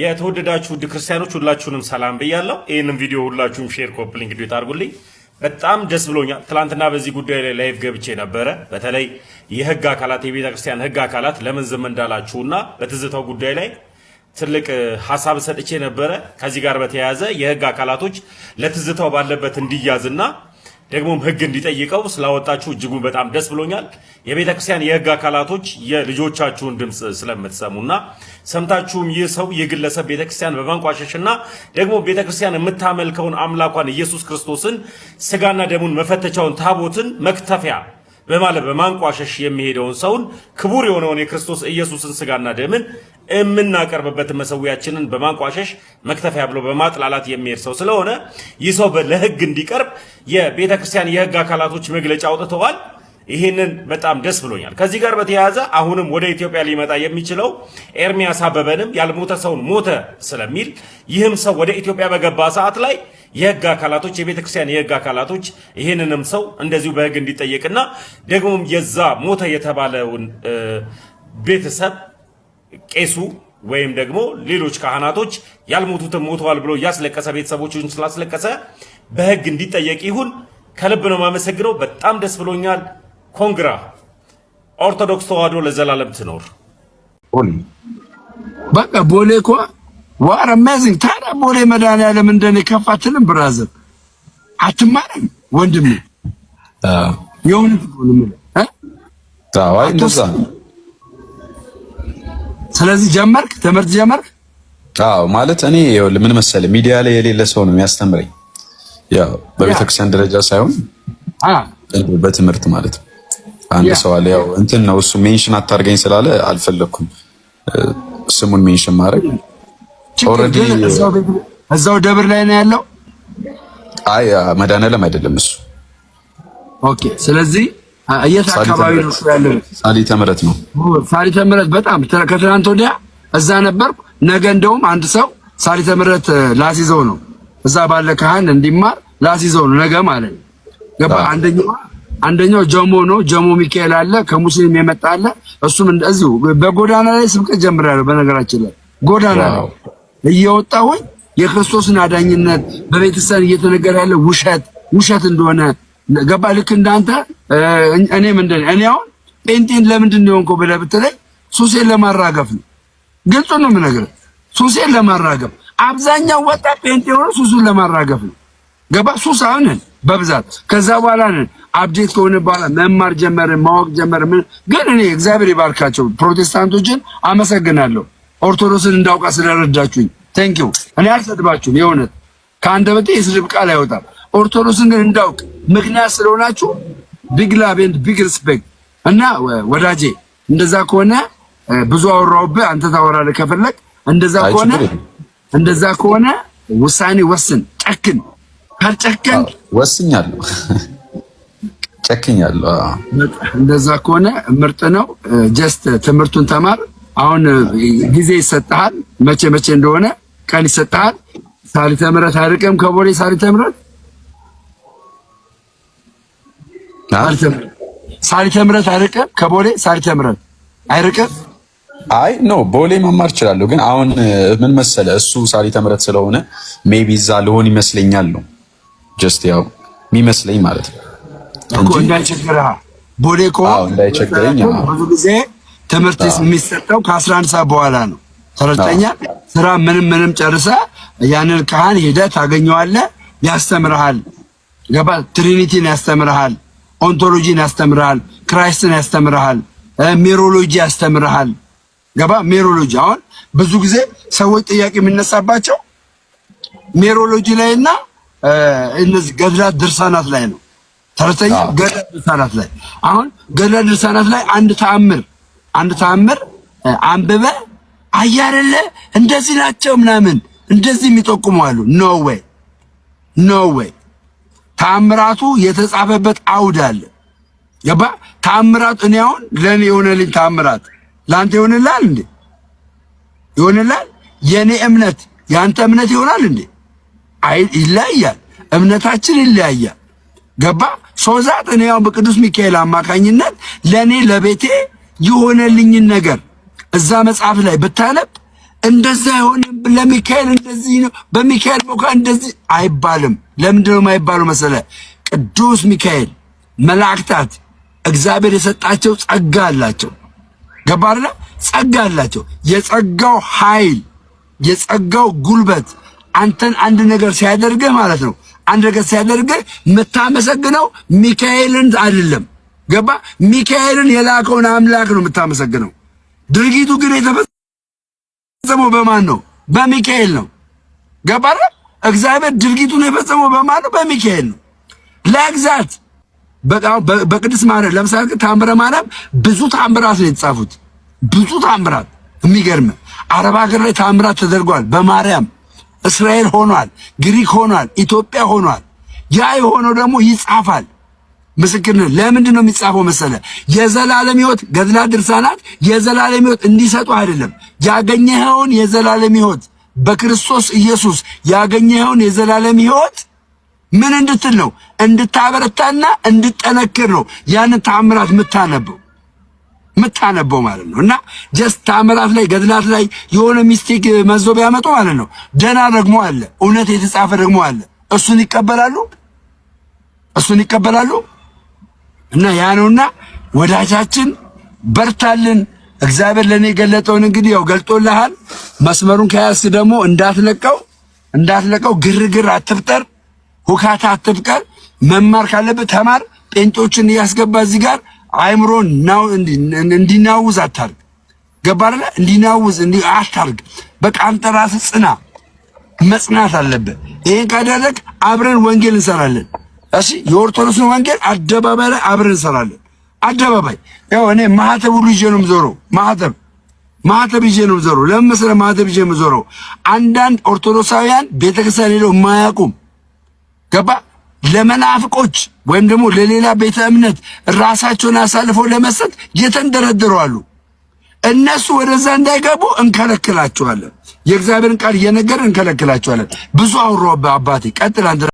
የተወደዳችሁ ውድ ክርስቲያኖች ሁላችሁንም ሰላም ብያለሁ። ይህንም ቪዲዮ ሁላችሁም ሼር፣ ኮፕል እንግዲህ ታርጉልኝ። በጣም ደስ ብሎኛል። ትናንትና በዚህ ጉዳይ ላይ ላይቭ ገብቼ ነበረ። በተለይ የህግ አካላት የቤተ ክርስቲያን ህግ አካላት ለምን ዝም እንዳላችሁና በትዝታው ጉዳይ ላይ ትልቅ ሀሳብ ሰጥቼ ነበረ። ከዚህ ጋር በተያያዘ የህግ አካላቶች ለትዝታው ባለበት እንዲያዝና ደግሞም ህግ እንዲጠይቀው ስላወጣችሁ እጅጉን በጣም ደስ ብሎኛል። የቤተ ክርስቲያን የህግ አካላቶች የልጆቻችሁን ድምፅ ስለምትሰሙና ሰምታችሁም ይህ ሰው የግለሰብ ቤተ ክርስቲያን በማንቋሸሽና ደግሞ ቤተ ክርስቲያን የምታመልከውን አምላኳን ኢየሱስ ክርስቶስን ስጋና ደሙን መፈተቻውን ታቦትን መክተፊያ በማለት በማንቋሸሽ የሚሄደውን ሰውን ክቡር የሆነውን የክርስቶስ ኢየሱስን ስጋና ደምን የምናቀርብበት መሰዊያችንን በማንቋሸሽ መክተፊያ ብሎ በማጥላላት የሚሄድ ሰው ስለሆነ ይህ ሰው ለህግ እንዲቀርብ የቤተ ክርስቲያን አካላቶች መግለጫ አውጥተዋል። ይህንን በጣም ደስ ብሎኛል። ከዚህ ጋር በተያያዘ አሁንም ወደ ኢትዮጵያ ሊመጣ የሚችለው ኤርሚያስ አበበንም ያልሞተ ሰውን ሞተ ስለሚል ይህም ሰው ወደ ኢትዮጵያ በገባ ሰዓት ላይ የህግ አካላቶች የቤተ ክርስቲያን የህግ አካላቶች ይህንንም ሰው እንደዚሁ በህግ እንዲጠየቅና ደግሞም የዛ ሞተ የተባለውን ቤተሰብ ቄሱ ወይም ደግሞ ሌሎች ካህናቶች ያልሞቱትን ሞተዋል ብሎ እያስለቀሰ ቤተሰቦችን ስላስለቀሰ በህግ እንዲጠየቅ ይሁን። ከልብ ነው የማመሰግነው። በጣም ደስ ብሎኛል። ኮንግራ ኦርቶዶክስ ተዋህዶ ለዘላለም ትኖር። በቃ ቦሌ እኮ ዋር አሜዚንግ። ታዲያ ቦሌ መድኃኒዓለም እንደኔ ከፍ አትልም? ብራዘር አትማርም? ወንድም የሆነ ስለዚህ ጀመርክ፣ ትምህርት ጀመርክ። አዎ ማለት እኔ ምን መሰለህ ሚዲያ ላይ የሌለ ሰው ነው የሚያስተምረኝ፣ ያው በቤተክርስቲያን ደረጃ ሳይሆን በትምህርት ማለት ነው። አንድ ሰው አለ። ያው እንትን ነው እሱ ሜንሽን አታርገኝ ስላለ አልፈለኩም ስሙን ሜንሽን ማድረግ። ኦልሬዲ እዛው ደብር ላይ ነው ያለው። አይ መድኃኒዓለም አይደለም እሱ። ኦኬ። ስለዚህ የት አካባቢ ነው እሱ ያለው? ሳሊተ ምህረት ነው። ሳሊተ ምህረት በጣም ከትናንት ወዲያ እዛ ነበርኩ። ነገ እንደውም አንድ ሰው ሳሊተ ምህረት ላሲዘው ነው እዛ ባለ ካህን እንዲማር ላሲዘው ነው ነገ ማለት ነው። ገባ አንደኛው አንደኛው ጀሞ ነው። ጀሞ ሚካኤል አለ፣ ከሙስሊም የመጣ አለ። እሱም እንደዚሁ በጎዳና ላይ ስብከት ጀምሬያለሁ። በነገራችን ላይ ጎዳና ላይ እየወጣሁኝ የክርስቶስን አዳኝነት በቤተሰብ እየተነገረ ያለ ውሸት ውሸት እንደሆነ ገባ። ልክ እንዳንተ እኔ ምንድን እኔ አሁን ጴንጤን ለምንድን ነው የሆንከው ብለህ ብትለኝ ሱሴን ለማራገፍ ነው። ግልጽ ነው የምነግርህ፣ ሱሴን ለማራገፍ አብዛኛው ወጣት ጴንጤ ሆኖ ሱሱን ለማራገፍ ነው። ገባ ሱስ አሁን በብዛት ከዛ በኋላ ነን አብዴት ከሆነ በኋላ መማር ጀመረ፣ ማወቅ ጀመረ። ምን ግን እኔ እግዚአብሔር ይባርካቸው ፕሮቴስታንቶችን አመሰግናለሁ። ኦርቶዶክስን እንዳውቃ ስለረዳችሁኝ ቴንኪው። እኔ አልሰድባችሁም፣ የእውነት ከአንደበቴ የስድብ ቃል አይወጣም። ኦርቶዶክስን ግን እንዳውቅ ምክንያት ስለሆናችሁ ቢግ ላቭ ኤንድ ቢግ ሪስፔክት። እና ወዳጄ እንደዛ ከሆነ ብዙ አወራሁብህ፣ አንተ ታወራለህ ከፈለግ። እንደዛ ከሆነ እንደዛ ከሆነ ውሳኔ ወስን፣ ጨክን። ካልጨከን ወስኛለሁ ጨክኛለሁ። እንደዛ ከሆነ ምርጥ ነው። ጀስት ትምህርቱን ተማር። አሁን ጊዜ ይሰጥሃል፣ መቼ መቼ እንደሆነ ቀን ይሰጥሃል። ሳሊተ ተምረት አይርቅም ከቦሌ ሳሊተ ተምረት ሳሊተ ተምረት አይርቅም ከቦሌ ሳሊተ ተምረት አይርቅም። አይ ኖ ቦሌ መማር እችላለሁ፣ ግን አሁን ምን መሰለ እሱ ሳሊተ ተምረት ስለሆነ ሜቢ እዛ ልሆን ይመስለኛል ነው ጀስት ያው የሚመስለኝ ማለት ነው። እንዳይቸግርህ ቦሌ እኮ ብዙ ጊዜ ትምህርት የሚሰጠው ከአስራ አንድ ሰዓት በኋላ ነው። ተረተኛ ስራ ምንም ምንም ጨርሰ ያንን ካህን ሄደህ ታገኘዋለህ። ያስተምርሃል። ገባ ትሪኒቲን ያስተምርሃል። ኦንቶሎጂን ያስተምርሃል። ክራይስትን ያስተምርሃል። ሜሮሎጂ ያስተምርሃል። ገባ ሜሮሎጂ አሁን ብዙ ጊዜ ሰዎች ጥያቄ የሚነሳባቸው ሜሮሎጂ ላይ እና እነዚህ ገድላት ድርሳናት ላይ ነው። ተረስተኛ ገድለ ድርሳናት ላይ አሁን ገድለ ድርሳናት ላይ አንድ ተአምር አንድ ተአምር አንብበ አያረለ እንደዚህ ናቸው ምናምን እንደዚህ የሚጠቁሙ አሉ። ኖ ዌይ ኖ ዌይ። ተአምራቱ የተጻፈበት አውድ አለ። ገባ ተአምራቱ እኔ አሁን ለእኔ የሆነልኝ ተአምራት ለአንተ ይሆንልሃል እንዴ? ይሆንልሃል? የእኔ እምነት የአንተ እምነት ይሆናል እንዴ? ይለያያል። እምነታችን ይለያያል። ገባ ሶዛት እኔ ያው በቅዱስ ሚካኤል አማካኝነት ለእኔ ለቤቴ የሆነልኝን ነገር እዛ መጽሐፍ ላይ ብታነብ እንደዛ አይሆንም ለሚካኤል እንደዚህ ነው፣ በሚካኤል ሞካ እንደዚህ አይባልም። ለምንድን ነው የማይባለው መሰለ? ቅዱስ ሚካኤል መላእክታት እግዚአብሔር የሰጣቸው ጸጋ አላቸው። ገባርና ጸጋ አላቸው። የጸጋው ኃይል የጸጋው ጉልበት አንተን አንድ ነገር ሲያደርግህ ማለት ነው አንድ ነገር ሲያደርግህ የምታመሰግነው ሚካኤልን አይደለም። ገባ? ሚካኤልን የላከውን አምላክ ነው የምታመሰግነው። ድርጊቱ ግን የተፈጸመው በማን ነው? በሚካኤል ነው። ገባ? እግዚአብሔር ድርጊቱን የፈጸመው በማን ነው? በሚካኤል ነው። ለግዛት በቅድስት ማርያም ለምሳሌ ታምረ ማርያም ብዙ ታምራት ነው የተጻፉት። ብዙ ታምራት የሚገርም አረብ ሀገር ላይ ታምራት ተደርጓል በማርያም እስራኤል ሆኗል፣ ግሪክ ሆኗል፣ ኢትዮጵያ ሆኗል። ያ የሆነው ደግሞ ይጻፋል። ምስክርነት ለምንድን ነው የሚጻፈው መሰለ? የዘላለም ሕይወት ገድላ ድርሳናት የዘላለም ሕይወት እንዲሰጡ አይደለም። ያገኘኸውን የዘላለም ሕይወት በክርስቶስ ኢየሱስ ያገኘኸውን የዘላለም ሕይወት ምን እንድትል ነው? እንድታበረታና እንድጠነክር ነው። ያን ተአምራት የምታነበው የምታነበው ማለት ነው። እና ጀስት ታምራት ላይ ገድላት ላይ የሆነ ሚስቴክ መዞ ቢያመጡ ማለት ነው። ደና ደግሞ አለ፣ እውነት የተጻፈ ደግሞ አለ። እሱን ይቀበላሉ፣ እሱን ይቀበላሉ። እና ያ ነውና ወዳጃችን በርታልን። እግዚአብሔር ለእኔ የገለጠውን እንግዲህ ያው ገልጦልሃል። መስመሩን ከያስ ደግሞ እንዳትለቀው፣ እንዳትለቀው። ግርግር አትፍጠር፣ ሁካታ አትፍቀር። መማር ካለብህ ተማር። ጴንጦችን እያስገባ እዚህ ጋር አይምሮ እንዲናውዝ አታርግ። ገባለ እንዲናውዝ አታርግ። በቃ አንተ ራስህ ጽና፣ መጽናት አለብህ። ይሄን ካደረግ አብረን ወንጌል እንሰራለን። እሺ የኦርቶዶክስን ወንጌል አደባባይ ላይ አብረን እንሰራለን። አደባባይ ያው እኔ ማህተብ ሁሉ ይዤ ነው የምዞረው። ማህተብ ማህተብ ይዤ ነው የምዞረው። ለምን መሰለህ? ማህተብ ይዤ ነው የምዞረው። አንዳንድ ኦርቶዶክሳውያን ቤተክርስቲያን ሄደው የማያውቁም ገባ ለመናፍቆች ወይም ደግሞ ለሌላ ቤተ እምነት ራሳቸውን አሳልፈው ለመስጠት የተንደረደሩ አሉ። እነሱ ወደዛ እንዳይገቡ እንከለክላቸዋለን። የእግዚአብሔርን ቃል እየነገርን እንከለክላቸዋለን። ብዙ አውሮ አባቴ ቀጥል።